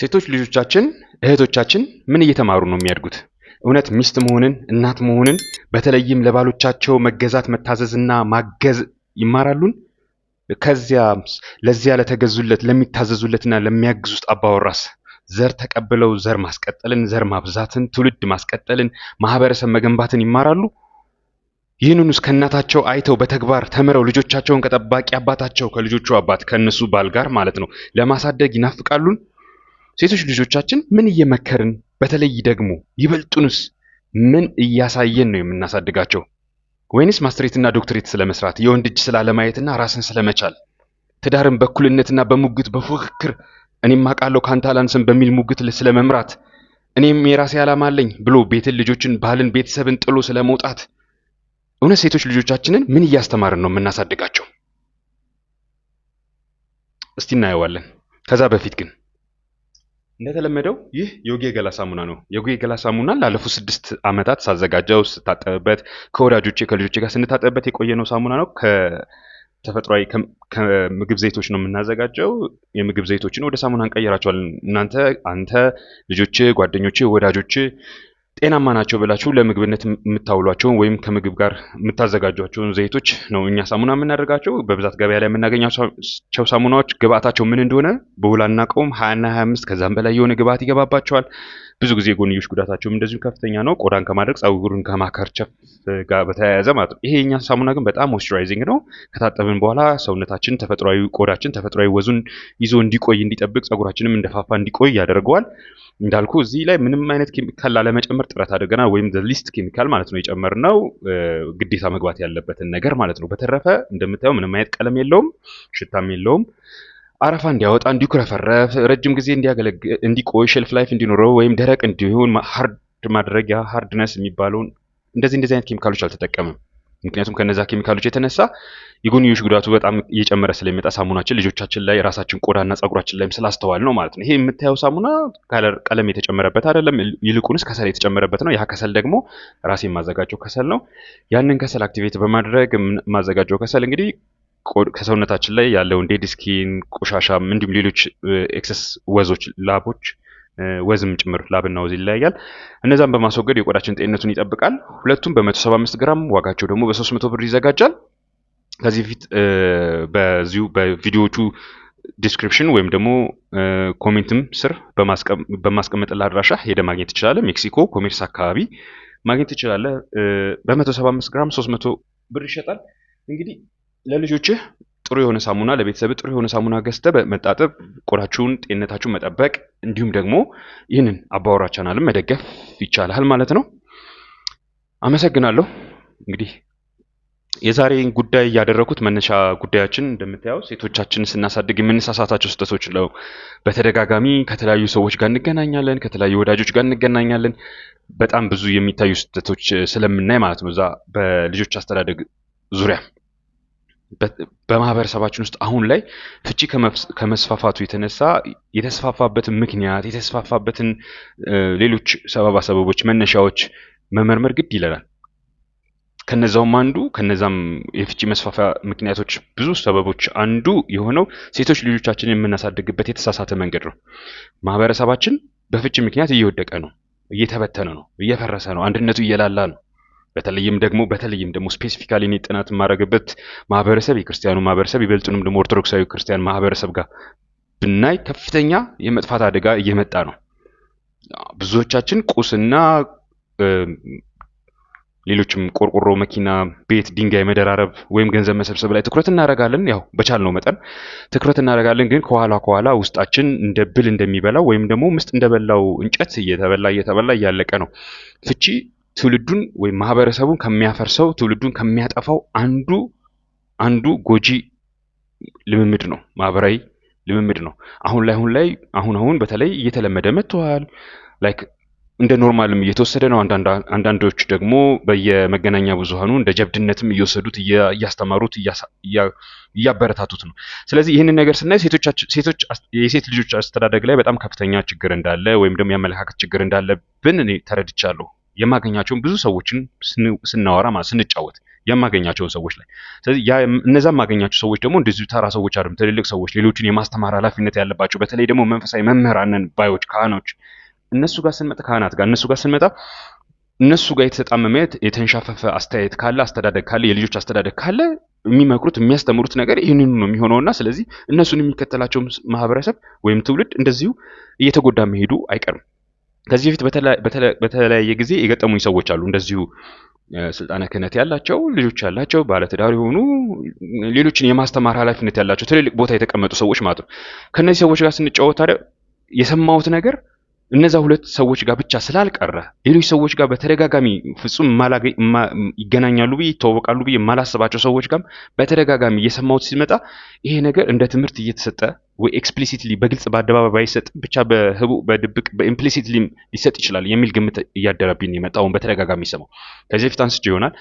ሴቶች ልጆቻችን እህቶቻችን ምን እየተማሩ ነው የሚያድጉት? እውነት ሚስት መሆንን እናት መሆንን በተለይም ለባሎቻቸው መገዛት መታዘዝና ማገዝ ይማራሉን? ከዚያ ለዚያ ለተገዙለት ለሚታዘዙለትና ለሚያግዙት አባወራስ ዘር ተቀብለው ዘር ማስቀጠልን ዘር ማብዛትን ትውልድ ማስቀጠልን ማህበረሰብ መገንባትን ይማራሉ? ይህንኑስ ከእናታቸው አይተው በተግባር ተምረው ልጆቻቸውን ከጠባቂ አባታቸው ከልጆቹ አባት ከእነሱ ባል ጋር ማለት ነው ለማሳደግ ይናፍቃሉን? ሴቶች ልጆቻችን ምን እየመከርን በተለይ ደግሞ ይበልጡንስ ምን እያሳየን ነው የምናሳድጋቸው? ወይንስ ማስትሬትና ዶክትሬት ስለመስራት የወንድ እጅ ስላለማየትና ራስን ስለመቻል ትዳርን በእኩልነትና በሙግት በፉክክር እኔም አውቃለሁ ካንተ አላንስም በሚል ሙግት ስለመምራት እኔም የራሴ ዓላማ አለኝ ብሎ ቤትን፣ ልጆችን፣ ባህልን፣ ቤተሰብን ጥሎ ስለመውጣት እውነት ሴቶች ልጆቻችንን ምን እያስተማርን ነው የምናሳድጋቸው? እስቲ እናየዋለን። ከዛ በፊት ግን እንደተለመደው ይህ የዮጊ የገላ ሳሙና ነው። የዮጊ የገላ ሳሙና ላለፉት ስድስት ዓመታት ሳዘጋጀው ስታጠብበት፣ ከወዳጆቼ ከልጆቼ ጋር ስንታጠብበት የቆየ ነው ሳሙና ነው። ከተፈጥሯዊ ከምግብ ዘይቶች ነው የምናዘጋጀው። የምግብ ዘይቶችን ወደ ሳሙና እንቀይራቸዋለን። እናንተ፣ አንተ፣ ልጆች፣ ጓደኞች፣ ወዳጆች ጤናማ ናቸው ብላችሁ ለምግብነት የምታውሏቸውን ወይም ከምግብ ጋር የምታዘጋጇቸውን ዘይቶች ነው እኛ ሳሙና የምናደርጋቸው። በብዛት ገበያ ላይ የምናገኛቸው ሳሙናዎች ግብአታቸው ምን እንደሆነ በውል አናውቀውም። ሀያና ሀያ አምስት ከዛም በላይ የሆነ ግብአት ይገባባቸዋል። ብዙ ጊዜ ጎንዮሽ ጉዳታቸውም እንደዚሁ ከፍተኛ ነው። ቆዳን ከማድረግ ጸጉርን ከማከርቸፍ ጋር በተያያዘ ማለት ነው። ይሄ የኛ ሳሙና ግን በጣም ሞይስቸራይዚንግ ነው። ከታጠብን በኋላ ሰውነታችን ተፈጥሯዊ ቆዳችን ተፈጥሯዊ ወዙን ይዞ እንዲቆይ እንዲጠብቅ፣ ጸጉራችንም እንደፋፋ እንዲቆይ ያደርገዋል። እንዳልኩ እዚህ ላይ ምንም አይነት ኬሚካል ላለመጨመር ጥረት አድርገናል። ወይም ሊስት ኬሚካል ማለት ነው የጨመርነው ግዴታ መግባት ያለበትን ነገር ማለት ነው። በተረፈ እንደምታየው ምንም አይነት ቀለም የለውም፣ ሽታም የለውም። አረፋ እንዲያወጣ እንዲኩረፈረፍ ረጅም ጊዜ እንዲያገለግል እንዲቆይ ሼልፍ ላይፍ እንዲኖረው ወይም ደረቅ እንዲሆን ሀርድ ማድረጊያ ሀርድነስ የሚባለውን እንደዚህ እንደዚህ አይነት ኬሚካሎች አልተጠቀምም። ምክንያቱም ከነዛ ኬሚካሎች የተነሳ የጎንዮሽ ጉዳቱ በጣም እየጨመረ ስለሚመጣ ሳሙናችን ልጆቻችን ላይ ራሳችን ቆዳና ፀጉራችን ላይም ስላስተዋል ነው ማለት ነው። ይሄ የምታየው ሳሙና ቀለም የተጨመረበት አይደለም፣ ይልቁንስ ከሰል የተጨመረበት ነው። ያ ከሰል ደግሞ ራሴ የማዘጋጀው ከሰል ነው። ያንን ከሰል አክቲቬት በማድረግ የማዘጋጀው ከሰል እንግዲህ ከሰውነታችን ላይ ያለውን ዴድ ስኪን ቆሻሻም፣ እንዲሁም ሌሎች ኤክሰስ ወዞች ላቦች ወዝም ጭምር ላብና ወዝ ይለያያል። እነዛን በማስወገድ የቆዳችን ጤንነቱን ይጠብቃል። ሁለቱም በ175 ግራም ዋጋቸው ደግሞ በ300 ብር ይዘጋጃል። ከዚህ በፊት በዚሁ በቪዲዮዎቹ ዲስክሪፕሽን ወይም ደግሞ ኮሜንትም ስር በማስቀመጥ አድራሻ ሄደ ማግኘት ይችላለ። ሜክሲኮ ኮሜርስ አካባቢ ማግኘት ይችላለ በ በ175 ግራም 300 ብር ይሸጣል። እንግዲህ ለልጆችህ ጥሩ የሆነ ሳሙና ለቤተሰብ ጥሩ የሆነ ሳሙና ገዝተ መጣጠብ፣ ቆዳችሁን፣ ጤንነታችሁን መጠበቅ እንዲሁም ደግሞ ይህንን አባወራ ቻናልን መደገፍ ይቻላል ማለት ነው። አመሰግናለሁ። እንግዲህ የዛሬን ጉዳይ እያደረኩት መነሻ ጉዳያችን እንደምታየው ሴቶቻችን ስናሳድግ የምንሳሳታቸው ስህተቶች ለው በተደጋጋሚ ከተለያዩ ሰዎች ጋር እንገናኛለን፣ ከተለያዩ ወዳጆች ጋር እንገናኛለን። በጣም ብዙ የሚታዩ ስህተቶች ስለምናይ ማለት ነው እዛ በልጆች አስተዳደግ ዙሪያ በማህበረሰባችን ውስጥ አሁን ላይ ፍቺ ከመስፋፋቱ የተነሳ የተስፋፋበትን ምክንያት የተስፋፋበትን ሌሎች ሰበባ ሰበቦች መነሻዎች መመርመር ግድ ይለናል። ከነዛውም አንዱ ከነዛም የፍቺ መስፋፋ ምክንያቶች ብዙ ሰበቦች አንዱ የሆነው ሴቶች ልጆቻችንን የምናሳድግበት የተሳሳተ መንገድ ነው። ማህበረሰባችን በፍቺ ምክንያት እየወደቀ ነው፣ እየተበተነ ነው፣ እየፈረሰ ነው፣ አንድነቱ እየላላ ነው። በተለይም ደግሞ በተለይም ደግሞ ስፔሲፊካሊ እኔ ጥናት የማደርግበት ማህበረሰብ የክርስቲያኑ ማህበረሰብ ይበልጡንም ደግሞ ኦርቶዶክሳዊ ክርስቲያን ማህበረሰብ ጋር ብናይ ከፍተኛ የመጥፋት አደጋ እየመጣ ነው። ብዙዎቻችን ቁስና ሌሎችም ቆርቆሮ፣ መኪና፣ ቤት፣ ድንጋይ መደራረብ ወይም ገንዘብ መሰብሰብ ላይ ትኩረት እናደርጋለን። ያው በቻልነው መጠን ትኩረት እናደርጋለን። ግን ከኋላ ከኋላ ውስጣችን እንደ ብል እንደሚበላው ወይም ደግሞ ምስጥ እንደበላው እንጨት እየተበላ እየተበላ እያለቀ ነው። ፍቺ ትውልዱን ወይም ማህበረሰቡን ከሚያፈርሰው ትውልዱን ከሚያጠፋው አንዱ አንዱ ጎጂ ልምምድ ነው። ማህበራዊ ልምምድ ነው። አሁን ላይ አሁን ላይ አሁን አሁን በተለይ እየተለመደ መጥተዋል። ላይክ እንደ ኖርማልም እየተወሰደ ነው። አንዳንዶች ደግሞ በየመገናኛ ብዙሃኑ እንደ ጀብድነትም እየወሰዱት እያስተማሩት፣ እያበረታቱት ነው። ስለዚህ ይህንን ነገር ስናይ ሴቶች የሴት ልጆች አስተዳደግ ላይ በጣም ከፍተኛ ችግር እንዳለ ወይም ደግሞ የአመለካከት ችግር እንዳለብን እኔ ተረድቻለሁ። የማገኛቸውን ብዙ ሰዎችን ስናወራ ማለት ስንጫወት የማገኛቸውን ሰዎች ላይ ስለዚህ እነዛ የማገኛቸው ሰዎች ደግሞ እንደዚሁ ተራ ሰዎች አይደሉም፣ ትልልቅ ሰዎች፣ ሌሎችን የማስተማር ኃላፊነት ያለባቸው በተለይ ደግሞ መንፈሳዊ መምህራንን ባዮች ካህኖች እነሱ ጋር ስንመጣ ካህናት ጋር እነሱ ጋር ስንመጣ እነሱ ጋር የተጣመመ የተንሻፈፈ አስተያየት ካለ አስተዳደግ ካለ የልጆች አስተዳደግ ካለ የሚመክሩት የሚያስተምሩት ነገር ይህንኑ ነው የሚሆነውና ስለዚህ እነሱን የሚከተላቸው ማህበረሰብ ወይም ትውልድ እንደዚሁ እየተጎዳ መሄዱ አይቀርም። ከዚህ በፊት በተለያየ ጊዜ የገጠሙኝ ሰዎች አሉ። እንደዚሁ ስልጣነ ክህነት ያላቸው ልጆች ያላቸው ባለትዳር የሆኑ ሌሎችን የማስተማር ኃላፊነት ያላቸው ትልልቅ ቦታ የተቀመጡ ሰዎች ማለት ነው። ከእነዚህ ሰዎች ጋር ስንጫወት ታዲያ የሰማሁት ነገር እነዛ ሁለት ሰዎች ጋር ብቻ ስላልቀረ ሌሎች ሰዎች ጋር በተደጋጋሚ ፍጹም ይገናኛሉ ብዬ ይተዋወቃሉ ብዬ የማላስባቸው ሰዎች ጋር በተደጋጋሚ እየሰማሁት ሲመጣ ይሄ ነገር እንደ ትምህርት እየተሰጠ ወይ ኤክስፕሊሲትሊ በግልጽ በአደባባይ ባይሰጥ ብቻ በህቡ በድብቅ በኢምፕሊሲትሊ ሊሰጥ ይችላል የሚል ግምት እያደረብኝ የመጣውን በተደጋጋሚ ሰማው። ከዚህ በፊት አንስቼ ይሆናል።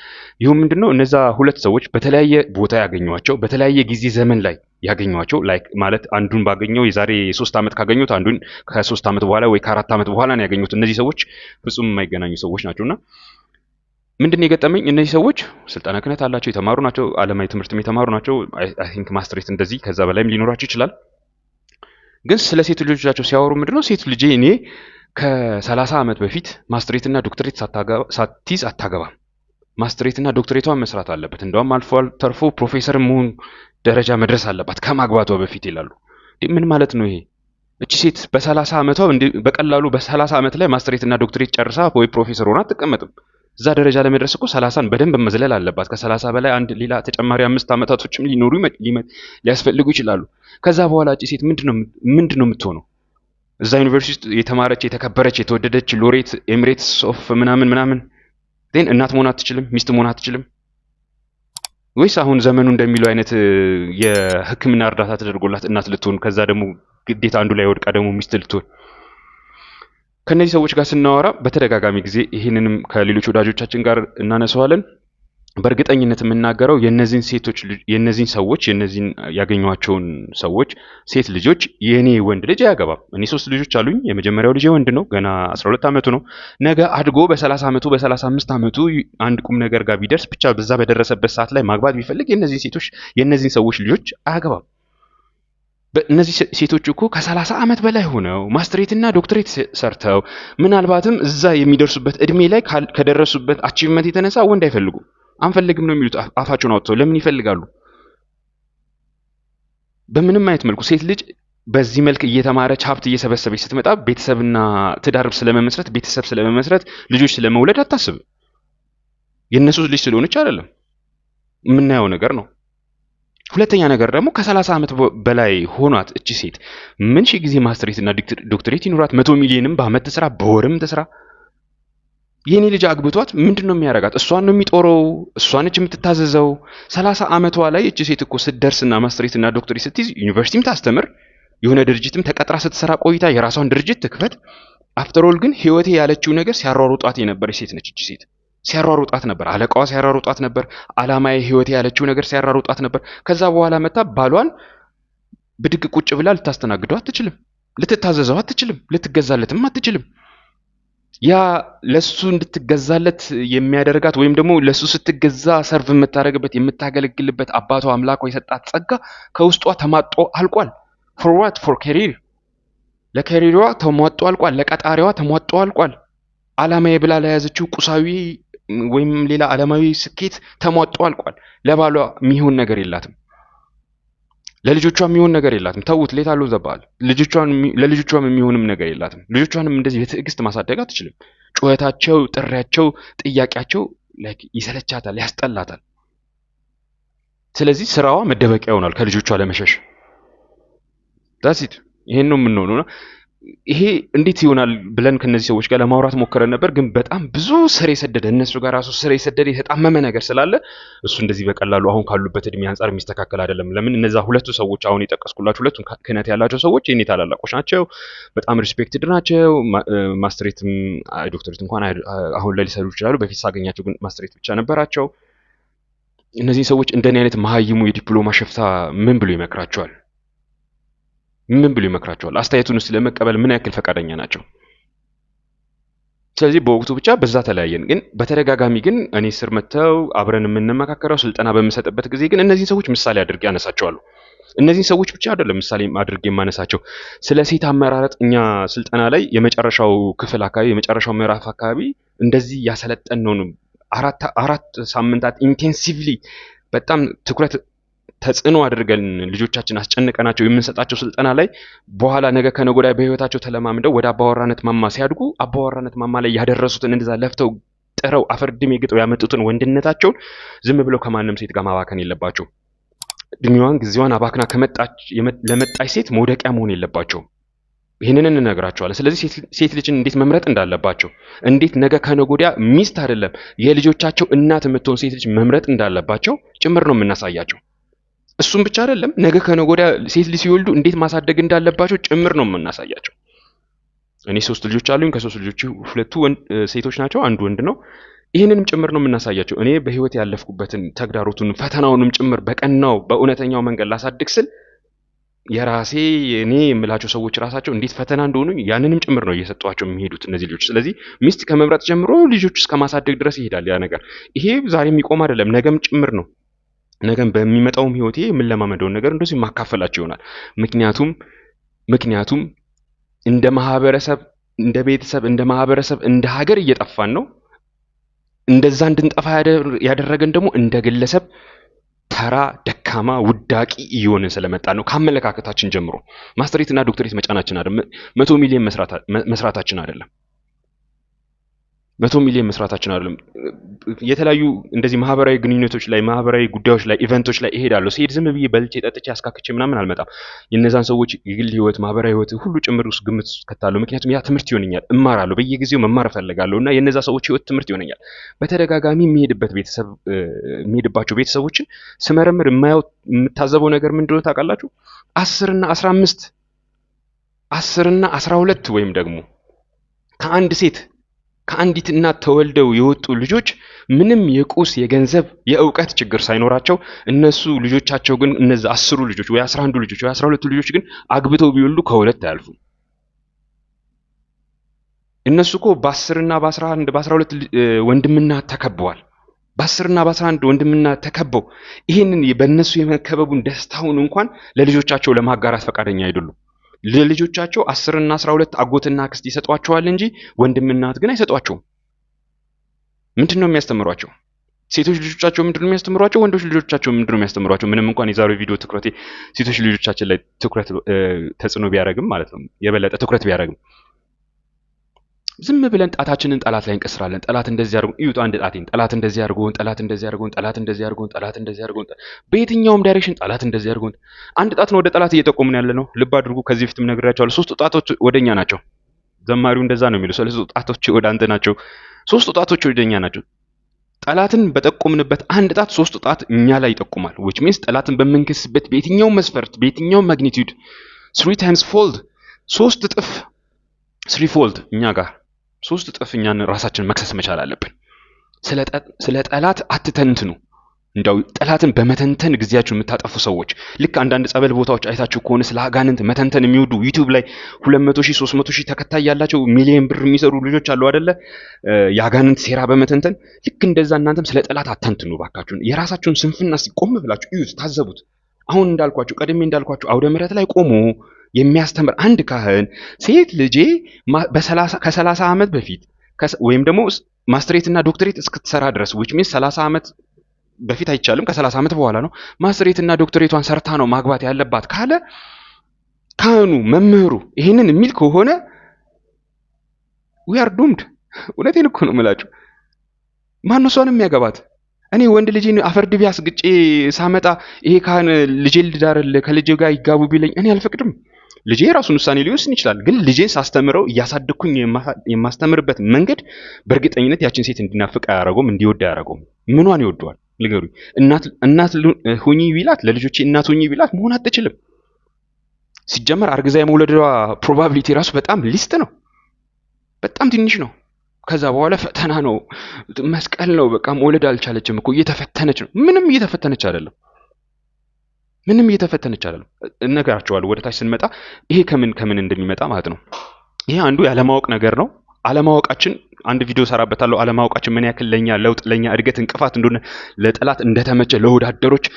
ይሁን ምንድን ነው እነዛ ሁለት ሰዎች በተለያየ ቦታ ያገኟቸው በተለያየ ጊዜ ዘመን ላይ ያገኟቸው ላይክ ማለት አንዱን ባገኘው የዛሬ ሶስት ዓመት ካገኙት አንዱን ከሶስት ዓመት በኋላ ወይ ከአራት ዓመት በኋላ ነው ያገኙት። እነዚህ ሰዎች ፍጹም የማይገናኙ ሰዎች ናቸውና ምንድን ነው የገጠመኝ? እነዚህ ሰዎች ስልጠና ክህነት አላቸው፣ የተማሩ ናቸው፣ ዓለማዊ ትምህርትም የተማሩ ናቸው። አይ ቲንክ ማስትሬት እንደዚህ ከዛ በላይም ሊኖራቸው ይችላል። ግን ስለ ሴት ልጆቻቸው ሲያወሩ ምንድነው ሴት ልጄ እኔ ከሰላሳ ዓመት በፊት ማስትሬትና ዶክትሬት ሳትይዝ አታገባም ማስትሬትና ዶክትሬቷን መስራት አለበት። እንደውም አልፎ ተርፎ ፕሮፌሰር መሆን ደረጃ መድረስ አለባት ከማግባቷ በፊት ይላሉ። ምን ማለት ነው ይሄ? እቺ ሴት በ30 ዓመቷ በቀላሉ በሰላሳ ዓመት ላይ ማስትሬትና ዶክትሬት ጨርሳ ወይ ፕሮፌሰር ሆና አትቀመጥም። እዛ ደረጃ ለመድረስ እኮ ሰላሳን በደንብ መዝለል አለባት። ከ30 በላይ አንድ ሌላ ተጨማሪ አምስት ዓመታቶችም ሊኖሩ ሊያስፈልጉ ይችላሉ። ከዛ በኋላ እቺ ሴት ምንድን ነው የምትሆነው? እዛ ዩኒቨርሲቲ ውስጥ የተማረች የተከበረች የተወደደች ሎሬት ኤምሬትስ ኦፍ ምናምን ምናምን ዜን እናት መሆን አትችልም፣ ሚስት መሆን አትችልም ወይስ አሁን ዘመኑ እንደሚለው አይነት የህክምና እርዳታ ተደርጎላት እናት ልትሆን ከዛ ደግሞ ግዴታ አንዱ ላይ ወድቃ ደግሞ ሚስት ልትሆን። ከእነዚህ ሰዎች ጋር ስናወራ በተደጋጋሚ ጊዜ ይህንንም ከሌሎች ወዳጆቻችን ጋር እናነሰዋለን። በእርግጠኝነት የምናገረው የነዚህን ሴቶች የነዚህን ሰዎች የነዚህን ያገኟቸውን ሰዎች ሴት ልጆች የእኔ ወንድ ልጅ አያገባም። እኔ ሶስት ልጆች አሉኝ። የመጀመሪያው ልጅ ወንድ ነው፣ ገና 12 ዓመቱ ነው። ነገ አድጎ በ30 ዓመቱ በ35 ዓመቱ አንድ ቁም ነገር ጋር ቢደርስ ብቻ በዛ በደረሰበት ሰዓት ላይ ማግባት ቢፈልግ የነዚህን ሴቶች የነዚህን ሰዎች ልጆች አያገባም። እነዚህ ሴቶች እኮ ከሰላሳ ዓመት በላይ ሆነው ማስትሬትና ዶክትሬት ሰርተው ምናልባትም እዛ የሚደርሱበት እድሜ ላይ ከደረሱበት አቺቭመንት የተነሳ ወንድ አይፈልጉም። አንፈልግም ነው የሚሉት አፋቸውን አውጥተው። ለምን ይፈልጋሉ? በምንም አይነት መልኩ ሴት ልጅ በዚህ መልክ እየተማረች ሀብት እየሰበሰበች ስትመጣ ቤተሰብና ትዳር ስለመመስረት ቤተሰብ ስለመመስረት ልጆች ስለመውለድ አታስብም። የእነሱ ልጅ ስለሆነች አይደለም የምናየው ነገር ነው። ሁለተኛ ነገር ደግሞ ከሰላሳ ዓመት በላይ ሆኗት እቺ ሴት ምን ሺ ጊዜ ማስትሬትና ዶክትሬት ይኖራት መቶ ሚሊዮንም በአመት ትስራ በወርም ትስራ የኔ ልጅ አግብቷት ምንድን ነው የሚያረጋት? እሷን ነው የሚጦረው። እሷነች የምትታዘዘው። ሰላሳ ዓመቷ ላይ እች ሴት እኮ ስትደርስና ማስትሬትና ዶክተሪ ስትይዝ ዩኒቨርሲቲም ታስተምር የሆነ ድርጅትም ተቀጥራ ስትሰራ ቆይታ የራሷን ድርጅት ትክፈት። አፍተሮል ግን ህይወቴ ያለችው ነገር ሲያሯሩጧት የነበረች ሴት ነች። እች ሴት ሲያሯሩጧት ነበር፣ አለቃዋ ሲያሯሩጧት ነበር፣ አላማዬ ህይወቴ ያለችው ነገር ሲያሯሩጧት ነበር። ከዛ በኋላ መታ ባሏን ብድግ ቁጭ ብላ ልታስተናግደው አትችልም፣ ልትታዘዘው አትችልም፣ ልትገዛለትም አትችልም። ያ ለሱ እንድትገዛለት የሚያደርጋት ወይም ደግሞ ለሱ ስትገዛ ሰርቭ የምታደርግበት የምታገለግልበት አባቷ አምላኳ የሰጣት ጸጋ ከውስጧ ተማጦ አልቋል። ፎር ዋት ፎር ከሪር ለከሪሯ ተሟጦ አልቋል። ለቀጣሪዋ ተሟጦ አልቋል። አላማዬ ብላ ለያዘችው ቁሳዊ ወይም ሌላ አለማዊ ስኬት ተሟጦ አልቋል። ለባሏ የሚሆን ነገር የላትም። ለልጆቿ የሚሆን ነገር የላትም። ተዉት። ሌት አለው ዘባል ለልጆቿም የሚሆንም ነገር የላትም። ልጆቿንም እንደዚህ በትዕግስት ማሳደግ አትችልም። ጩኸታቸው፣ ጥሪያቸው፣ ጥያቄያቸው ይሰለቻታል፣ ያስጠላታል። ስለዚህ ስራዋ መደበቂያ ይሆናል ከልጆቿ ለመሸሽ ዛሲት ይሄን ነው የምንሆነው። ይሄ እንዴት ይሆናል ብለን ከነዚህ ሰዎች ጋር ለማውራት ሞከረን ነበር። ግን በጣም ብዙ ስር የሰደደ እነሱ ጋር ራሱ ስር የሰደደ የተጣመመ ነገር ስላለ እሱ እንደዚህ በቀላሉ አሁን ካሉበት እድሜ አንጻር የሚስተካከል አይደለም። ለምን እነዛ ሁለቱ ሰዎች አሁን የጠቀስኩላችሁ ሁለቱም ክህነት ያላቸው ሰዎች የኔ ታላላቆች ናቸው። በጣም ሪስፔክትድ ናቸው። ማስትሬትም ዶክተሬት እንኳን አሁን ላይ ሊሰሩ ይችላሉ። በፊት ሳገኛቸው ግን ማስትሬት ብቻ ነበራቸው። እነዚህ ሰዎች እንደኔ አይነት መሀይሙ የዲፕሎማ ሸፍታ ምን ብሎ ይመክራቸዋል? ምን ብሎ ይመክራቸዋል? አስተያየቱን ውስጥ ለመቀበል ምን ያክል ፈቃደኛ ናቸው? ስለዚህ በወቅቱ ብቻ በዛ ተለያየን። ግን በተደጋጋሚ ግን እኔ ስር መጥተው አብረን የምንመካከረው ስልጠና በምሰጥበት ጊዜ ግን እነዚህን ሰዎች ምሳሌ አድርጌ ያነሳቸዋለሁ። እነዚህን ሰዎች ብቻ አይደለም ምሳሌ አድርጌ የማነሳቸው። ስለ ሴት አመራረጥ እኛ ስልጠና ላይ የመጨረሻው ክፍል አካባቢ የመጨረሻው ምዕራፍ አካባቢ እንደዚህ ያሰለጠን ነው አራት ሳምንታት ኢንቴንሲቭሊ በጣም ትኩረት ተጽዕኖ አድርገን ልጆቻችን አስጨንቀናቸው የምንሰጣቸው ስልጠና ላይ በኋላ ነገ ከነጎዳ በህይወታቸው ተለማምደው ወደ አባወራነት ማማ ሲያድጉ አባወራነት ማማ ላይ ያደረሱትን እንደዛ ለፍተው ጥረው አፈር ድሜ ግጠው ያመጡትን ወንድነታቸውን ዝም ብለው ከማንም ሴት ጋር ማባከን የለባቸው። እድሜዋን ጊዜዋን አባክና ከመጣች ለመጣች ሴት መውደቂያ መሆን የለባቸው ይህንን እንነግራቸዋለን። ስለዚህ ሴት ልጅን እንዴት መምረጥ እንዳለባቸው፣ እንዴት ነገ ከነጎዲያ ሚስት አይደለም የልጆቻቸው እናት የምትሆን ሴት ልጅ መምረጥ እንዳለባቸው ጭምር ነው የምናሳያቸው። እሱም ብቻ አይደለም፣ ነገ ከነጎዳ ሴት ልጅ ሲወልዱ እንዴት ማሳደግ እንዳለባቸው ጭምር ነው የምናሳያቸው። እኔ ሶስት ልጆች አሉኝ። ከሶስት ልጆች ሁለቱ ሴቶች ናቸው፣ አንዱ ወንድ ነው። ይህንንም ጭምር ነው የምናሳያቸው። እኔ በህይወት ያለፍኩበትን ተግዳሮቱን፣ ፈተናውንም ጭምር በቀናው በእውነተኛው መንገድ ላሳድግ ስል የራሴ እኔ የምላቸው ሰዎች ራሳቸው እንዴት ፈተና እንደሆኑ ያንንም ጭምር ነው እየሰጧቸው የሚሄዱት እነዚህ ልጆች። ስለዚህ ሚስት ከመምረጥ ጀምሮ ልጆች እስከ ማሳደግ ድረስ ይሄዳል ያ ነገር። ይሄ ዛሬ የሚቆም አይደለም፣ ነገም ጭምር ነው። ነገም በሚመጣውም ህይወቴ የምለማመደውን ነገር እንደዚህ የማካፈላቸው ይሆናል። ምክንያቱም ምክንያቱም እንደ ማህበረሰብ፣ እንደ ቤተሰብ፣ እንደ ማህበረሰብ፣ እንደ ሀገር እየጠፋን ነው። እንደዛ እንድንጠፋ ያደረገን ደግሞ እንደ ግለሰብ ተራ ደካማ ውዳቂ እየሆንን ስለመጣ ነው። ከአመለካከታችን ጀምሮ ማስተሬትና ዶክተሬት መጫናችን አይደለም፣ መቶ ሚሊዮን መስራታችን አይደለም። መቶ ሚሊዮን መስራታችን አይደለም። የተለያዩ እንደዚህ ማህበራዊ ግንኙነቶች ላይ ማህበራዊ ጉዳዮች ላይ ኢቨንቶች ላይ እሄዳለሁ። ሲሄድ ዝም ብዬ በልቼ ጠጥቼ አስካክቼ ምናምን አልመጣም። የእነዛን ሰዎች የግል ህይወት፣ ማህበራዊ ህይወት ሁሉ ጭምር ውስጥ ግምት ውስጥ ከታለሁ። ምክንያቱም ያ ትምህርት ይሆነኛል፣ እማራለሁ፣ በየጊዜው መማር እፈልጋለሁ እና የእነዛ ሰዎች ህይወት ትምህርት ይሆነኛል። በተደጋጋሚ የሚሄድበት ቤተሰብ የሚሄድባቸው ቤተሰቦችን ስመረምር የማየው የምታዘበው ነገር ምንድነው ታውቃላችሁ? አስርና አስራ አምስት አስርና አስራ ሁለት ወይም ደግሞ ከአንድ ሴት ከአንዲት እናት ተወልደው የወጡ ልጆች ምንም የቁስ የገንዘብ የእውቀት ችግር ሳይኖራቸው እነሱ ልጆቻቸው ግን እነዚ አስሩ ልጆች ወይ አስራ አንዱ ልጆች ወይ አስራ ሁለቱ ልጆች ግን አግብተው ቢወልዱ ከሁለት አያልፉ። እነሱ እኮ በአስርና በአስራ አንድ በአስራ ሁለት ወንድምና ተከበዋል። በአስርና በአስራ አንድ ወንድምና ተከበው ይህንን በእነሱ የመከበቡን ደስታውን እንኳን ለልጆቻቸው ለማጋራት ፈቃደኛ አይደሉም። ለልጆቻቸው አስርና አስራ ሁለት አጎትና ክስት ይሰጧቸዋል እንጂ ወንድምና ግን አይሰጧቸውም። ምንድን ነው የሚያስተምሯቸው? ሴቶች ልጆቻቸው ምንድን ነው የሚያስተምሯቸው? ወንዶች ልጆቻቸው ምንድን ነው የሚያስተምሯቸው? ምንም እንኳን የዛሬው ቪዲዮ ትኩረቴ ሴቶች ልጆቻችን ላይ ትኩረት ተጽዕኖ ቢያደርግም ማለት ነው የበለጠ ትኩረት ቢያደርግም ዝም ብለን ጣታችንን ጠላት ላይ እንቀስራለን። ጠላት እንደዚህ አድርጎን እዩት፣ አንድ ጣቴን ጠላት እንደዚህ አድርጎን፣ ጠላት እንደዚህ አድርጎን፣ ጠላት እንደዚህ አድርጎን፣ ጠላት እንደዚህ አድርጎን፣ በየትኛውም ዳይሬክሽን ጠላት እንደዚህ አድርጎን። አንድ ጣት ነው ወደ ጠላት እየጠቆምን ያለ ነው። ልብ አድርጉ። ከዚህ በፊትም ነግሬያቸዋለሁ። ሶስት ጣቶች ወደኛ ናቸው። ዘማሪው እንደዛ ነው የሚለው። ስለዚህ ጣቶች ወደ አንተ ናቸው፣ ሶስት ጣቶች ወደኛ ናቸው። ጠላትን በጠቆምንበት አንድ ጣት ሶስት ጣት እኛ ላይ ይጠቁማል። ዊች ሚንስ ጠላትን በምንክስበት በየትኛው መስፈርት በየትኛው ማግኒቲዩድ ስሪ ታይምስ ፎልድ ሶስት እጥፍ ስሪ ፎልድ እኛ ጋር ሶስት እጥፍ እኛን ራሳችን መክሰስ መቻል አለብን። ስለ ጠላት አትተንትኑ። እንዳው ጠላትን በመተንተን ጊዜያችሁን የምታጠፉ ሰዎች ልክ አንዳንድ ጸበል ቦታዎች አይታችሁ ከሆነ ስለ አጋንንት መተንተን የሚወዱ ዩቲዩብ ላይ 200 ሺህ 300 ሺህ ተከታይ ያላቸው ሚሊዮን ብር የሚሰሩ ልጆች አሉ አደለ? የአጋንንት ሴራ በመተንተን ልክ እንደዛ እናንተም ስለ ጠላት አተንትኑ ባካችሁን። የራሳችሁን ስንፍና ቆም ብላችሁ እዩት፣ ታዘቡት። አሁን እንዳልኳችሁ ቀድሜ እንዳልኳችሁ አውደ ምሕረት ላይ ቆሙ። የሚያስተምር አንድ ካህን ሴት ልጄ ከሰላሳ ዓመት በፊት ወይም ደግሞ ማስትሬት እና ዶክትሬት እስክትሰራ ድረስ ዊች ሚንስ ሰላሳ ዓመት በፊት አይቻልም፣ ከሰላሳ ዓመት በኋላ ነው ማስትሬት እና ዶክትሬቷን ሰርታ ነው ማግባት ያለባት ካለ ካህኑ መምህሩ ይህንን የሚል ከሆነ ዊ አር ዱምድ። እውነቴን እኮ ነው የምላችሁ። ማን እሷን የሚያገባት? እኔ ወንድ ልጅን አፈርድ ድቤ አስግጬ ሳመጣ ይሄ ካህን ልጄ ልዳርል ከልጄ ጋር ይጋቡ ቢለኝ እኔ አልፈቅድም። ልጄ የራሱን ውሳኔ ሊወስን ይችላል። ግን ልጄን ሳስተምረው እያሳደግኩኝ የማስተምርበት መንገድ በእርግጠኝነት ያችን ሴት እንዲናፍቅ አያረጎም፣ እንዲወድ አያረጎም። ምኗን ይወደዋል? ንገሩኝ። እናት ሁኚ ቢላት ለልጆቼ እናት ሁኚ ቢላት መሆን አትችልም። ሲጀመር አርግዛ የመውለዷ ፕሮባቢሊቲ ራሱ በጣም ሊስት ነው፣ በጣም ትንሽ ነው። ከዛ በኋላ ፈተና ነው፣ መስቀል ነው። በቃ መውለድ አልቻለችም እኮ እየተፈተነች ነው። ምንም እየተፈተነች አይደለም። ምንም እየተፈተነች አለ እነግራቸዋለሁ ወደ ታች ስንመጣ ይሄ ከምን ከምን እንደሚመጣ ማለት ነው። ይሄ አንዱ ያለማወቅ ነገር ነው። አለማወቃችን አንድ ቪዲዮ ሰራበታለሁ። አለማወቃችን ምን ያክል ለኛ ለውጥ፣ ለኛ እድገት እንቅፋት እንደሆነ፣ ለጠላት እንደተመቸ፣ ለወዳደሮች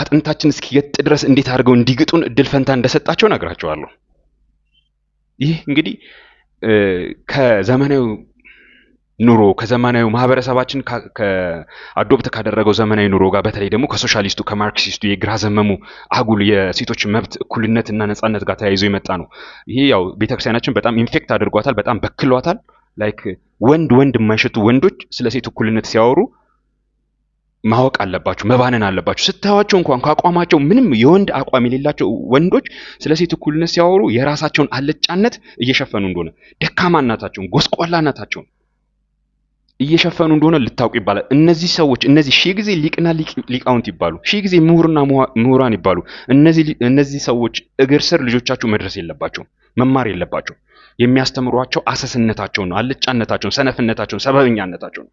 አጥንታችን እስኪገጥ ድረስ እንዴት አድርገው እንዲግጡን እድል ፈንታ እንደሰጣቸው ነግራቸዋለሁ ይህ እንግዲህ ከዘመናዊ ኑሮ ከዘመናዊ ማህበረሰባችን አዶፕት ካደረገው ዘመናዊ ኑሮ ጋር በተለይ ደግሞ ከሶሻሊስቱ ከማርክሲስቱ የግራ ዘመሙ አጉል የሴቶች መብት እና ነጻነት ጋር ተያይዞ የመጣ ነው። ይሄ ያው ቤተክርስቲያናችን በጣም ኢንፌክት አድርጓታል፣ በጣም በክሏታል። ላይክ ወንድ ወንድ የማይሸቱ ወንዶች ስለ ሴት እኩልነት ሲያወሩ ማወቅ አለባችሁ፣ መባነን አለባችሁ። ስታዩዋቸው እንኳን ከአቋማቸው ምንም የወንድ አቋም የሌላቸው ወንዶች ስለ ሴት እኩልነት ሲያወሩ የራሳቸውን አለጫነት እየሸፈኑ እንደሆነ ደካማናታቸውን ጎስቋላናታቸውን እየሸፈኑ እንደሆነ ልታውቁ ይባላል። እነዚህ ሰዎች እነዚህ ሺህ ጊዜ ሊቅና ሊቃውንት ይባሉ፣ ሺህ ጊዜ ምሁርና ምሁራን ይባሉ፣ እነዚህ ሰዎች እግር ስር ልጆቻቸው መድረስ የለባቸው መማር የለባቸው። የሚያስተምሯቸው አሰስነታቸው ነው፣ አልጫነታቸውን፣ ሰነፍነታቸውን፣ ሰበብኛነታቸው ነው።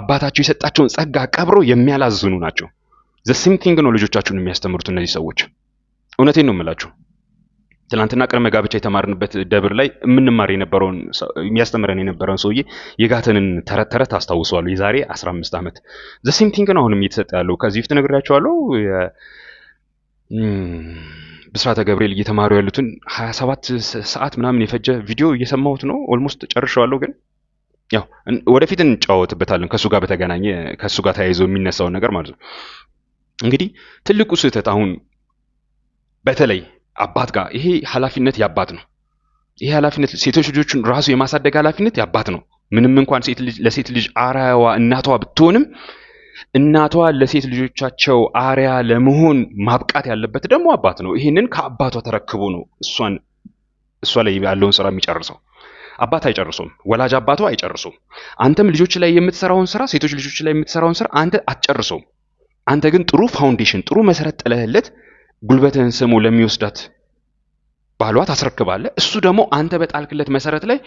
አባታቸው የሰጣቸውን ጸጋ ቀብረው የሚያላዝኑ ናቸው። ዘ ሲም ቲንግ ነው ልጆቻችሁን የሚያስተምሩት እነዚህ ሰዎች። እውነቴን ነው የምላችሁ። ትናንትና ቅድመ ጋብቻ የተማርንበት ደብር ላይ የምንማር የነበረውን የሚያስተምረን የነበረውን ሰውዬ የጋተንን ተረት ተረት አስታውሰዋለሁ። የዛሬ 15 ዓመት ዘሴም ቲንግ ነው አሁንም እየተሰጠ ያለው። ከዚህ በፊት ነግሬያቸዋለሁ። ብስራተ ገብርኤል እየተማሩ ያሉትን 27 ሰዓት ምናምን የፈጀ ቪዲዮ እየሰማሁት ነው። ኦልሞስት ጨርሸዋለሁ ግን ያው ወደፊት እንጫወትበታለን ከእሱ ጋር በተገናኘ ከእሱ ጋር ተያይዞ የሚነሳውን ነገር ማለት ነው። እንግዲህ ትልቁ ስህተት አሁን በተለይ አባት ጋር ይሄ ኃላፊነት የአባት ነው። ይሄ ኃላፊነት ሴቶች ልጆችን ራሱ የማሳደግ ኃላፊነት የአባት ነው። ምንም እንኳን ሴት ልጅ ለሴት ልጅ አርያዋ እናቷ ብትሆንም እናቷ ለሴት ልጆቻቸው አርያ ለመሆን ማብቃት ያለበት ደግሞ አባት ነው። ይህንን ከአባቷ ተረክቦ ነው እሷን እሷ ላይ ያለውን ስራ የሚጨርሰው አባት አይጨርሱም። ወላጅ አባቷ አይጨርሱም። አንተም ልጆች ላይ የምትሰራውን ስራ ሴቶች ልጆች ላይ የምትሰራውን ስራ አንተ አትጨርሰውም። አንተ ግን ጥሩ ፋውንዴሽን ጥሩ መሰረት ጥለህለት ጉልበትህን ስሙ ለሚወስዳት ባሏ ታስረክባለ እሱ ደግሞ አንተ በጣልክለት መሰረት ላይ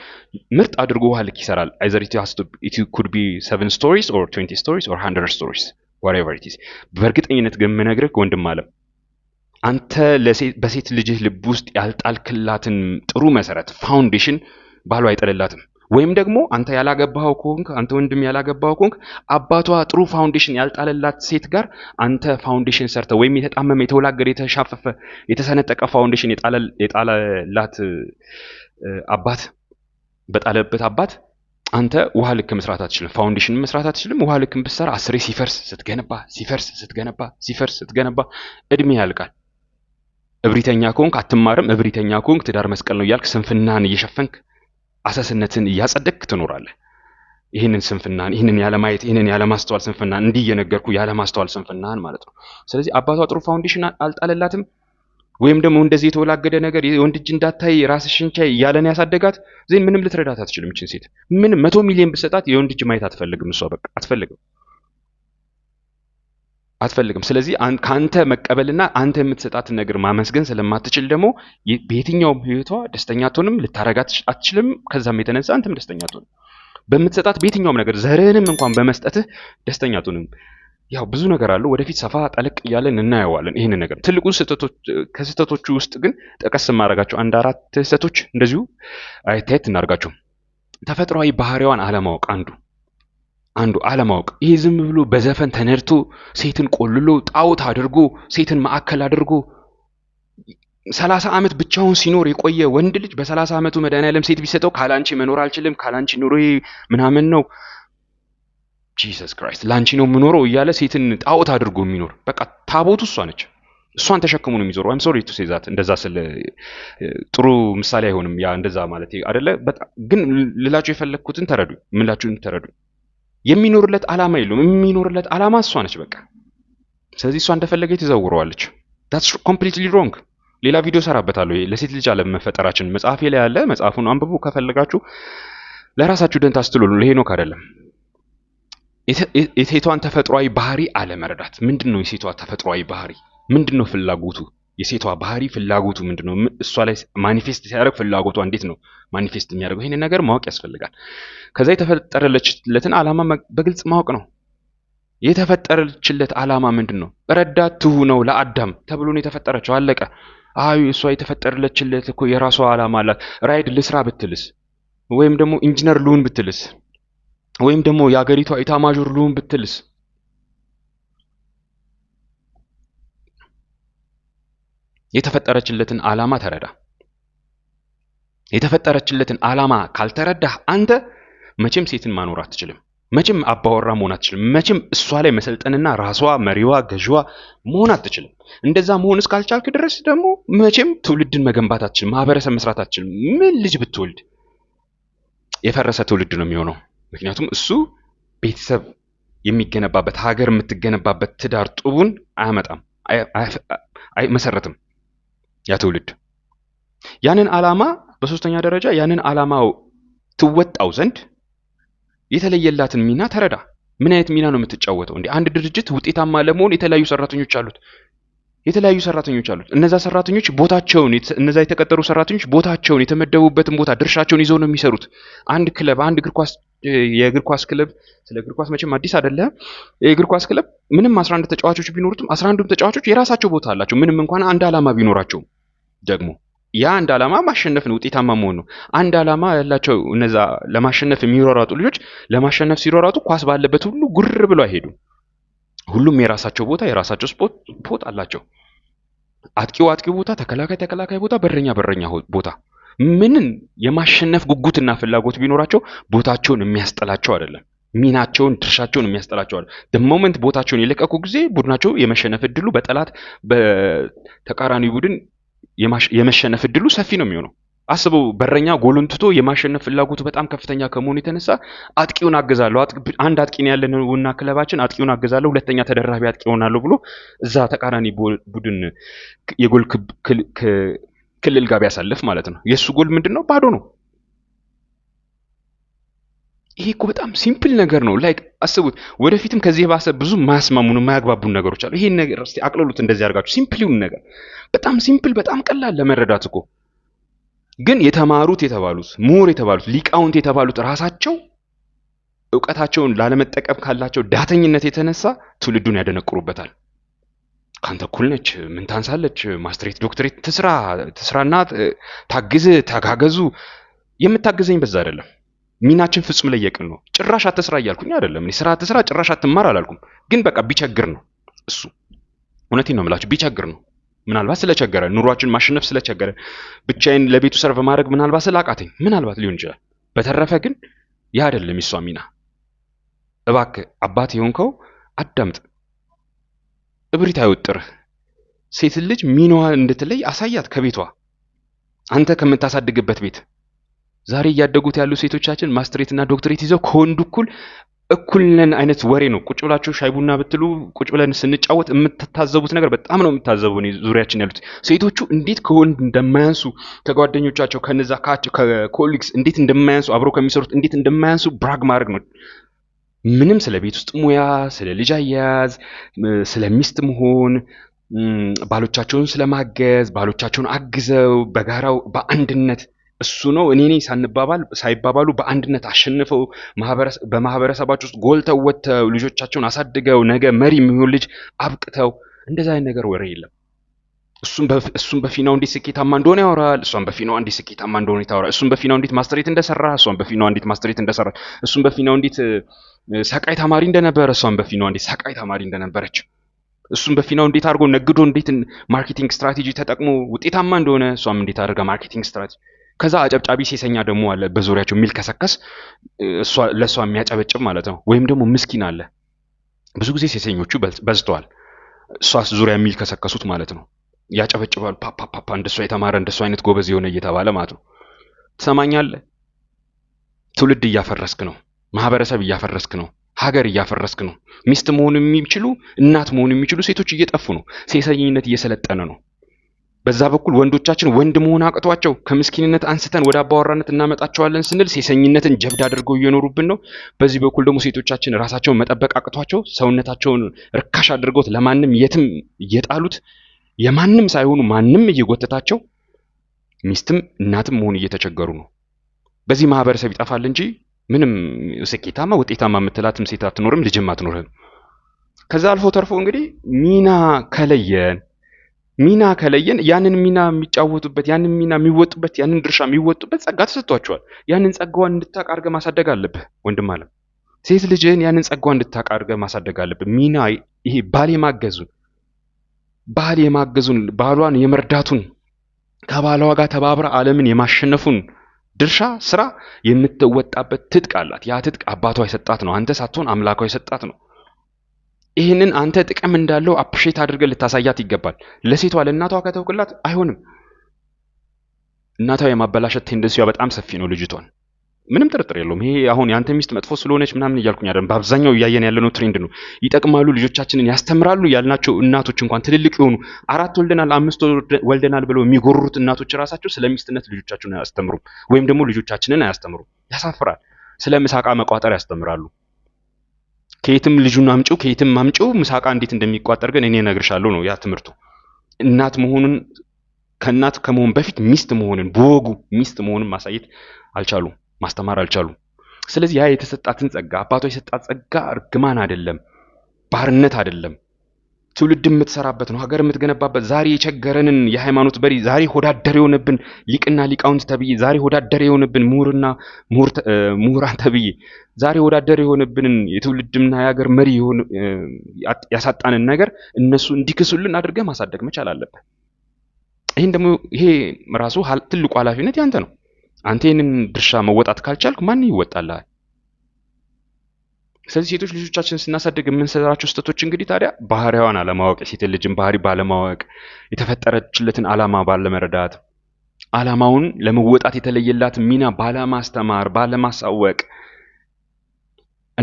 ምርጥ አድርጎ ውሃ ልክ ይሰራል። ይዘር ኩድ ቢ ሰን ስቶሪስ ኦር ትንቲ ስቶሪስ ኦር ሃንድረድ ስቶሪስ ወሬቨር ኢትስ በእርግጠኝነት ግን የምነግርህ ወንድም አለም አንተ በሴት ልጅህ ልብ ውስጥ ያልጣልክላትን ጥሩ መሰረት ፋውንዴሽን ባሏ አይጠልላትም። ወይም ደግሞ አንተ ያላገባኸው ኮንክ አንተ ወንድም ያላገባኸው ኮንክ አባቷ ጥሩ ፋውንዴሽን ያልጣለላት ሴት ጋር አንተ ፋውንዴሽን ሰርተ ወይም የተጣመመ የተወላገደ የተሻፈፈ የተሰነጠቀ ፋውንዴሽን የጣለላት አባት በጣለበት አባት አንተ ውሃ ልክ መስራት አትችልም፣ ፋውንዴሽን መስራት አትችልም። ውሃ ልክም ብትሰራ አስሬ ሲፈርስ ስትገነባ ሲፈርስ ስትገነባ ሲፈርስ ስትገነባ እድሜ ያልቃል። እብሪተኛ ከሆንክ አትማርም። እብሪተኛ ከሆንክ ትዳር መስቀል ነው እያልክ ስንፍናህን እየሸፈንክ አሰስነትን እያጸደቅ ትኖራለህ። ይህንን ስንፍናን ይህንን ያለማየት ይህንን ያለማስተዋል ስንፍናን እንዲህ እየነገርኩ ያለማስተዋል ስንፍናን ማለት ነው። ስለዚህ አባቷ ጥሩ ፋውንዴሽን አልጣለላትም ወይም ደግሞ እንደዚህ የተወላገደ ነገር የወንድ እጅ እንዳታይ ራስሽን ቻይ እያለን ያሳደጋት ዜን ምንም ልትረዳት አትችልም። ይችን ሴት ምንም መቶ ሚሊዮን ብትሰጣት የወንድ እጅ ማየት አትፈልግም። እሷ በቃ አትፈልግም። አትፈልግም። ስለዚህ ከአንተ መቀበልና አንተ የምትሰጣትን ነገር ማመስገን ስለማትችል ደግሞ በየትኛውም ህይወቷ ደስተኛ አትሆንም፣ ልታረጋ አትችልም። ከዛም የተነሳ አንተም ደስተኛ አትሆንም። በምትሰጣት በየትኛውም ነገር ዘርህንም እንኳን በመስጠትህ ደስተኛ አትሆንም። ያው ብዙ ነገር አለው። ወደፊት ሰፋ ጠለቅ እያለን እናየዋለን ይህንን ነገር። ትልቁ ከስህተቶቹ ውስጥ ግን ጠቀስ የማደርጋቸው አንድ አራት ስህተቶች እንደዚሁ አይታየት አየት እናደርጋቸው። ተፈጥሯዊ ባህሪዋን አለማወቅ አንዱ አንዱ አለማወቅ። ይህ ዝም ብሎ በዘፈን ተነድቶ ሴትን ቆልሎ ጣዖት አድርጎ ሴትን ማዕከል አድርጎ ሰላሳ ዓመት ብቻውን ሲኖር የቆየ ወንድ ልጅ በሰላሳ ዓመቱ መድኃኒዓለም ሴት ቢሰጠው ካላንቺ መኖር አልችልም፣ ካላንቺ ኑሮዬ ምናምን ነው ጂሰስ ክራይስት ላንቺ ነው የምኖረው እያለ ሴትን ጣዖት አድርጎ የሚኖር በቃ ታቦቱ እሷ ነች። እሷን ተሸክሙ ነው የሚዞሩ። አይም ሶሪ ቱ ሴዛት እንደዛ ስለ ጥሩ ምሳሌ አይሆንም ያ እንደዛ ማለት አይደለ። ግን ልላችሁ የፈለግኩትን ተረዱ፣ ምላችሁን ተረዱ። የሚኖርለት ዓላማ የለውም። የሚኖርለት ዓላማ እሷ ነች በቃ። ስለዚህ እሷ እንደፈለገ ትዘውረዋለች። ዳትስ ኮምፕሊትሊ ሮንግ። ሌላ ቪዲዮ ሰራበታለሁ ለሴት ልጅ አለመፈጠራችን መጽሐፌ ላይ ያለ መጽሐፉን አንብቡ ከፈለጋችሁ። ለራሳችሁ ደንታ ይሄ ነው አይደለም። የሴቷን ተፈጥሯዊ ባህሪ አለመረዳት። ምንድን ነው የሴቷ ተፈጥሯዊ ባህሪ? ምንድን ነው ፍላጎቱ? የሴቷ ባህሪ ፍላጎቱ ምንድን ነው? እሷ ላይ ማኒፌስት ሲያደርግ ፍላጎቷ እንዴት ነው ማኒፌስት የሚያደርገው? ይህንን ነገር ማወቅ ያስፈልጋል። ከዛ የተፈጠረለችለትን ዓላማ በግልጽ ማወቅ ነው። የተፈጠረችለት ዓላማ ምንድን ነው? ረዳት ትሁ ነው ለአዳም ተብሎ ነው የተፈጠረችው። አለቀ። አይ እሷ የተፈጠረለችለት እኮ የራሷ ዓላማ አላት። ራይድ ልስራ ብትልስ ወይም ደግሞ ኢንጂነር ልሁን ብትልስ ወይም ደግሞ የአገሪቷ ኢታማዦር ልሁን ብትልስ የተፈጠረችለትን ዓላማ ተረዳ። የተፈጠረችለትን ዓላማ ካልተረዳህ አንተ መቼም ሴትን ማኖር አትችልም። መቼም አባወራ መሆን አትችልም። መቼም እሷ ላይ መሰልጠንና ራሷ መሪዋ ገዥዋ መሆን አትችልም። እንደዛ መሆን እስካልቻልክ ድረስ ደግሞ መቼም ትውልድን መገንባት አትችልም። ማህበረሰብ መስራት አትችልም። ምን ልጅ ብትወልድ የፈረሰ ትውልድ ነው የሚሆነው። ምክንያቱም እሱ ቤተሰብ የሚገነባበት ሀገር የምትገነባበት ትዳር ጡቡን አያመጣም፣ አይመሰረትም። ያ ትውልድ ያንን ዓላማ በሶስተኛ ደረጃ ያንን ዓላማው ትወጣው ዘንድ የተለየላትን ሚና ተረዳ። ምን አይነት ሚና ነው የምትጫወተው? እንደ አንድ ድርጅት ውጤታማ ለመሆን የተለያዩ ሰራተኞች አሉት። የተለያዩ ሰራተኞች አሉት። እነዛ ሰራተኞች ቦታቸውን እነዛ የተቀጠሩ ሰራተኞች ቦታቸውን የተመደቡበትን ቦታ ድርሻቸውን ይዘው ነው የሚሰሩት። አንድ ክለብ አንድ እግር ኳስ የእግር ኳስ ክለብ ስለ እግር ኳስ መቼም አዲስ አይደለም። የእግር ኳስ ክለብ ምንም አስራ አንድ ተጫዋቾች ቢኖሩትም አስራ አንዱም ተጫዋቾች የራሳቸው ቦታ አላቸው ምንም እንኳን አንድ ዓላማ ቢኖራቸውም ደግሞ ያ አንድ ዓላማ ማሸነፍ ነው፣ ውጤታማ መሆን ነው። አንድ ዓላማ ያላቸው እነዛ ለማሸነፍ የሚሯሯጡ ልጆች ለማሸነፍ ሲሯሯጡ ኳስ ባለበት ሁሉ ጉር ብሎ አይሄዱም። ሁሉም የራሳቸው ቦታ የራሳቸው ስፖት ፖት አላቸው። አጥቂው አጥቂው ቦታ፣ ተከላካይ ተከላካይ ቦታ፣ በረኛ በረኛ ቦታ። ምንን የማሸነፍ ጉጉትና ፍላጎት ቢኖራቸው ቦታቸውን የሚያስጠላቸው አይደለም። ሚናቸውን ድርሻቸውን የሚያስጠላቸው አይደለም። ሞመንት ቦታቸውን የለቀቁ ጊዜ ቡድናቸው የመሸነፍ እድሉ በጠላት በተቃራኒ ቡድን የመሸነፍ እድሉ ሰፊ ነው የሚሆነው። አስበው በረኛ ጎሉን ትቶ የማሸነፍ ፍላጎቱ በጣም ከፍተኛ ከመሆኑ የተነሳ አጥቂውን አገዛለሁ፣ አንድ አጥቂ ነው ያለን ክለባችን አጥቂውን አገዛለሁ፣ ሁለተኛ ተደራቢ አጥቂ ሆናለሁ ብሎ እዛ ተቃራኒ ቡድን የጎል ክልል ጋር ቢያሳልፍ ማለት ነው የእሱ ጎል ምንድን ነው? ባዶ ነው። ይሄ እኮ በጣም ሲምፕል ነገር ነው። ላይክ አስቡት። ወደፊትም ከዚህ የባሰ ብዙ ማያስማሙን የማያግባቡን ነገሮች አሉ። ይሄን ነገር እስቲ አቅልሉት፣ እንደዚህ አድርጋችሁ ይሁን ነገር በጣም ሲምፕል፣ በጣም ቀላል ለመረዳት እኮ ግን የተማሩት የተባሉት ምሁር የተባሉት ሊቃውንት የተባሉት ራሳቸው እውቀታቸውን ላለመጠቀም ካላቸው ዳተኝነት የተነሳ ትውልዱን ያደነቅሩበታል። ካንተ እኩል ነች፣ ምን ታንሳለች፣ ማስትሬት ዶክትሬት ትስራ ትስራና ታግዝ፣ ተጋገዙ። የምታግዘኝ በዛ አይደለም ሚናችን ፍጹም ለየቅል ነው። ጭራሽ አትስራ እያልኩኝ አይደለም። እኔ ስራ አትስራ፣ ጭራሽ አትማር አላልኩም። ግን በቃ ቢቸግር ነው እሱ። እውነቴን ነው የምላችሁ፣ ቢቸግር ነው። ምናልባት ስለቸገረ ኑሯችን ማሸነፍ ስለቸገረ ብቻዬን ለቤቱ ሰርቭ ማድረግ ምናልባት ስላቃተኝ ምናልባት ሊሆን ይችላል። በተረፈ ግን ያ አይደለም የሷ ሚና። እባክህ አባት የሆንከው አዳምጥ። እብሪት አይወጥርህ። ሴት ልጅ ሚናዋ እንድትለይ አሳያት ከቤቷ አንተ ከምታሳድግበት ቤት ዛሬ እያደጉት ያሉ ሴቶቻችን ማስትሬትና ዶክትሬት ይዘው ከወንዱ እኩል እኩል ነን አይነት ወሬ ነው። ቁጭ ብላችሁ ሻይ ቡና ብትሉ ቁጭ ብለን ስንጫወት የምትታዘቡት ነገር በጣም ነው የምታዘቡ። ዙሪያችን ያሉት ሴቶቹ እንዴት ከወንድ እንደማያንሱ ከጓደኞቻቸው ከነዛ ከኮሊግስ እንዴት እንደማያንሱ አብሮ ከሚሰሩት እንዴት እንደማያንሱ ብራግ ማድረግ ነው። ምንም ስለ ቤት ውስጥ ሙያ፣ ስለ ልጅ አያያዝ፣ ስለ ሚስት መሆን ባሎቻቸውን ስለማገዝ ባሎቻቸውን አግዘው በጋራው በአንድነት እሱ ነው እኔ ነኝ ሳንባባል ሳይባባሉ በአንድነት አሸንፈው በማህበረሰባቸው ውስጥ ጎልተው ወጥተው ልጆቻቸውን አሳድገው ነገ መሪ የሚሆን ልጅ አብቅተው እንደዛ አይነት ነገር ወሬ የለም። እሱም በፊናው እንዴት ስኬታማ እንደሆነ ያወራል። እሷም በፊናው እንዴት ስኬታማ እንደሆነ ታወራል። እሱም በፊናው እንዴት ማስተሬት እንደሰራ፣ እሷም በፊናው እንዴት ማስተሬት እንደሰራች፣ እሱም በፊናው እንዴት ሰቃይ ተማሪ እንደነበረ፣ እሷም በፊናው እንዴት ሰቃይ ተማሪ እንደነበረች፣ እሱም በፊናው እንዴት አድርጎ ነግዶ እንዴት ማርኬቲንግ ስትራቴጂ ተጠቅሞ ውጤታማ እንደሆነ፣ እሷም እንዴት አድርጋ ማርኬቲንግ ስትራቴጂ ከዛ አጨብጫቢ ሴሰኛ ደግሞ አለ በዙሪያቸው የሚልከሰከስ ለእሷ የሚያጨበጭብ ማለት ነው። ወይም ደግሞ ምስኪን አለ። ብዙ ጊዜ ሴሰኞቹ በዝተዋል። እሷ ዙሪያ የሚልከሰከሱት ማለት ነው። ያጨበጭባሉ። ፓፓፓፓ እንደሷ የተማረ እንደሷ አይነት ጎበዝ የሆነ እየተባለ ማለት ነው። ትሰማኛለህ? ትውልድ እያፈረስክ ነው። ማህበረሰብ እያፈረስክ ነው። ሀገር እያፈረስክ ነው። ሚስት መሆን የሚችሉ እናት መሆን የሚችሉ ሴቶች እየጠፉ ነው። ሴሰኝነት እየሰለጠነ ነው። በዛ በኩል ወንዶቻችን ወንድ መሆን አቅቷቸው ከምስኪንነት አንስተን ወደ አባወራነት እናመጣቸዋለን ስንል ሴሰኝነትን ጀብድ አድርገው እየኖሩብን ነው። በዚህ በኩል ደግሞ ሴቶቻችን ራሳቸውን መጠበቅ አቅቷቸው ሰውነታቸውን ርካሽ አድርገውት ለማንም የትም እየጣሉት የማንም ሳይሆኑ ማንም እየጎተታቸው ሚስትም እናትም መሆን እየተቸገሩ ነው። በዚህ ማህበረሰብ ይጠፋል እንጂ ምንም ስኬታማ ውጤታማ የምትላትም ሴት አትኖርም፣ ልጅም አትኖርም። ከዛ አልፎ ተርፎ እንግዲህ ሚና ከለየን ሚና ከለየን ያንን ሚና የሚጫወቱበት ያንን ሚና የሚወጡበት ያንን ድርሻ የሚወጡበት ጸጋ ተሰጥቷቸዋል። ያንን ጸጋዋን እንድታውቅ አድርገ ማሳደግ አለብህ ወንድም አለም። ሴት ልጅህን ያንን ጸጋዋ እንድታውቅ አድርገህ ማሳደግ አለብህ። ሚና ይሄ ባል የማገዙን ባል የማገዙን ባሏን የመርዳቱን ከባሏ ጋር ተባብራ ዓለምን የማሸነፉን ድርሻ ስራ የምትወጣበት ትጥቅ አላት። ያ ትጥቅ አባቷ የሰጣት ነው። አንተ ሳትሆን አምላኳ የሰጣት ነው። ይህንን አንተ ጥቅም እንዳለው አፕሼት አድርገ ልታሳያት ይገባል። ለሴቷ ለእናቷ ከተውቅላት አይሆንም። እናቷ የማበላሸት ቴንደንሲዋ በጣም ሰፊ ነው ልጅቷን ምንም ጥርጥር የለውም። ይሄ አሁን የአንተ ሚስት መጥፎ ስለሆነች ምናምን እያልኩኝ አይደለም። በአብዛኛው እያየን ያለነው ትሬንድ ነው። ይጠቅማሉ፣ ልጆቻችንን ያስተምራሉ ያልናቸው እናቶች እንኳን ትልልቅ የሆኑ አራት ወልደናል፣ አምስት ወልደናል ብለው የሚጎሩት እናቶች ራሳቸው ስለ ሚስትነት ልጆቻችንን አያስተምሩም፣ ወይም ደግሞ ልጆቻችንን አያስተምሩም። ያሳፍራል። ስለ ምሳቃ መቋጠር ያስተምራሉ። ከየትም ልጁን አምጪው ከየትም አምጪው ምሳቃ እንዴት እንደሚቋጠር ግን እኔ እነግርሻለሁ ነው ያ ትምህርቱ። እናት መሆኑን ከእናት ከመሆን በፊት ሚስት መሆንን በወጉ ሚስት መሆንን ማሳየት አልቻሉም፣ ማስተማር አልቻሉም። ስለዚህ ያ የተሰጣትን ጸጋ አባቷ የሰጣት ጸጋ እርግማን አይደለም፣ ባርነት አይደለም፣ ትውልድ የምትሰራበት ነው፣ ሀገር የምትገነባበት። ዛሬ የቸገረንን የሃይማኖት በሪ፣ ዛሬ ሆዳደር የሆነብን ሊቅና ሊቃውንት ተብዬ፣ ዛሬ ሆዳደር የሆነብን ምሁርና ምሁራን ተብዬ፣ ዛሬ ወዳደር የሆነብንን የትውልድምና የሀገር መሪ ያሳጣንን ነገር እነሱ እንዲክሱልን አድርገህ ማሳደግ መቻል አለብህ። ይህን ደግሞ ይሄ ራሱ ትልቁ ኃላፊነት ያንተ ነው። አንተ ይህንን ድርሻ መወጣት ካልቻልክ ማን ይወጣልሃል? ስለዚህ ሴቶች ልጆቻችን ስናሳድግ የምንሰራቸው ስህተቶች እንግዲህ ታዲያ ባህሪዋን አለማወቅ፣ የሴት ልጅን ባህሪ ባለማወቅ፣ የተፈጠረችለትን አላማ ባለመረዳት፣ አላማውን ለመወጣት የተለየላት ሚና ባለማስተማር፣ ባለማሳወቅ፣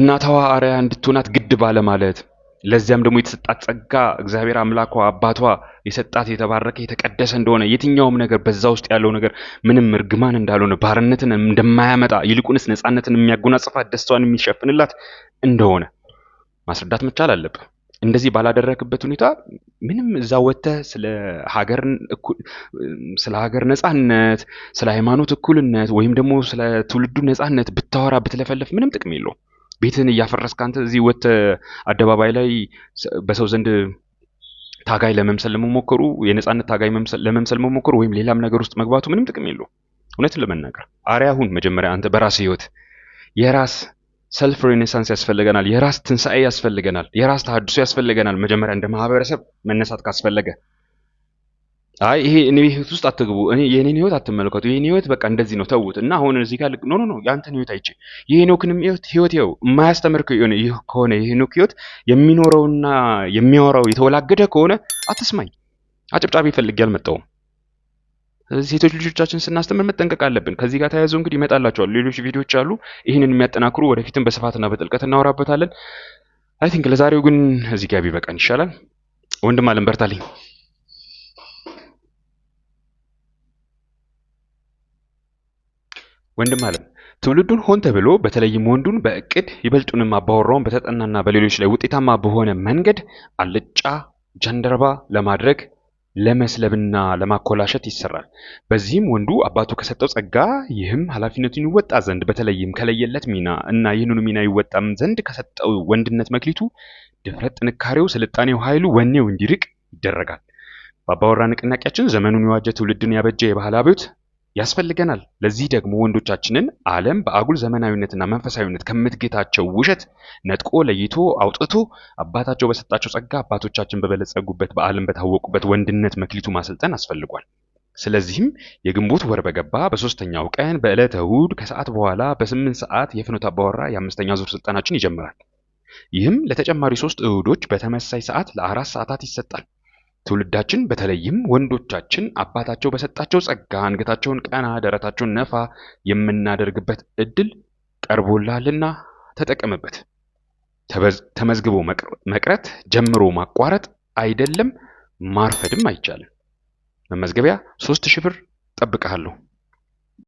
እናታዋ አርአያ እንድትሆናት ግድ ባለማለት ለዚያም ደግሞ የተሰጣት ጸጋ እግዚአብሔር አምላኳ አባቷ የሰጣት የተባረከ የተቀደሰ እንደሆነ የትኛውም ነገር በዛ ውስጥ ያለው ነገር ምንም እርግማን እንዳልሆነ ባርነትን እንደማያመጣ ይልቁንስ ነፃነትን የሚያጎናጽፋት ደስታዋን የሚሸፍንላት እንደሆነ ማስረዳት መቻል አለብህ። እንደዚህ ባላደረክበት ሁኔታ ምንም እዛ ወጥተህ ስለ ሀገር ስለ ሀገር ነጻነት፣ ስለ ሃይማኖት እኩልነት ወይም ደግሞ ስለ ትውልዱ ነጻነት ብታወራ ብትለፈለፍ ምንም ጥቅም የለው ቤትህን እያፈረስክ አንተ እዚህ ወጥተህ አደባባይ ላይ በሰው ዘንድ ታጋይ ለመምሰል ለመሞከሩ የነጻነት ታጋይ ለመምሰል መሞከሩ ወይም ሌላም ነገር ውስጥ መግባቱ ምንም ጥቅም የለው እውነትን ለመናገር አርያ ሁን። መጀመሪያ አንተ በራስህ ህይወት የራስ ሰልፍ ሬኔሳንስ ያስፈልገናል። የራስ ትንሣኤ ያስፈልገናል። የራስ ተሐድሶ ያስፈልገናል። መጀመሪያ እንደ ማህበረሰብ መነሳት ካስፈለገ አይ ይሄ እኔ ህይወት ውስጥ አትግቡ፣ እኔ የኔን ህይወት አትመለከቱ፣ የኔ ህይወት በቃ እንደዚህ ነው ተውት እና አሁን እዚህ ጋር ኖ ኖ ኖ ያንተን ህይወት አይቼ የሄኖክንም ህይወት ህይወት ው የማያስተምር ሆነ ይህ ከሆነ የሄኖክ ህይወት የሚኖረውና የሚያወራው የተወላገደ ከሆነ አትስማኝ። አጨብጫቢ ይፈልግ አልመጣሁም። ስለዚህ ሴቶች ልጆቻችን ስናስተምር መጠንቀቅ አለብን። ከዚህ ጋር ተያይዘው እንግዲህ ይመጣላቸዋል ሌሎች ቪዲዮዎች አሉ፣ ይህንን የሚያጠናክሩ ወደፊትም በስፋትና በጥልቀት እናወራበታለን። አይ ቲንክ ለዛሬው ግን እዚህ ጋር ቢበቃን ይሻላል። ወንድም አለም በርታልኝ። ወንድም አለም ትውልዱን ሆን ተብሎ በተለይም ወንዱን በእቅድ ይበልጡንም አባወራውን በተጠናና በሌሎች ላይ ውጤታማ በሆነ መንገድ አልጫ ጀንደረባ ለማድረግ ለመስለብና ለማኮላሸት ይሰራል። በዚህም ወንዱ አባቱ ከሰጠው ጸጋ ይህም ኃላፊነቱን ይወጣ ዘንድ በተለይም ከለየለት ሚና እና ይህንኑ ሚና ይወጣም ዘንድ ከሰጠው ወንድነት መክሊቱ ድፍረት፣ ጥንካሬው፣ ስልጣኔው፣ ኃይሉ፣ ወኔው እንዲርቅ ይደረጋል። በአባወራ ንቅናቄያችን ዘመኑን የዋጀ ትውልድን ያበጀ የባህል አብዮት ያስፈልገናል። ለዚህ ደግሞ ወንዶቻችንን ዓለም በአጉል ዘመናዊነትና መንፈሳዊነት ከምትጌታቸው ውሸት ነጥቆ ለይቶ አውጥቶ አባታቸው በሰጣቸው ጸጋ አባቶቻችን በበለጸጉበት በዓለም በታወቁበት ወንድነት መክሊቱ ማሰልጠን አስፈልጓል። ስለዚህም የግንቦት ወር በገባ በሶስተኛው ቀን በዕለተ እሁድ ከሰዓት በኋላ በስምንት ሰዓት የፍኖተ አባወራ የአምስተኛ ዙር ስልጠናችን ይጀምራል። ይህም ለተጨማሪ ሶስት እሁዶች በተመሳይ ሰዓት ለአራት ሰዓታት ይሰጣል። ትውልዳችን በተለይም ወንዶቻችን አባታቸው በሰጣቸው ጸጋ አንገታቸውን ቀና ደረታቸውን ነፋ የምናደርግበት እድል ቀርቦላልና ተጠቀምበት። ተመዝግቦ መቅረት፣ ጀምሮ ማቋረጥ አይደለም ማርፈድም አይቻልም። መመዝገቢያ ሶስት ሺህ ብር እጠብቅሃለሁ።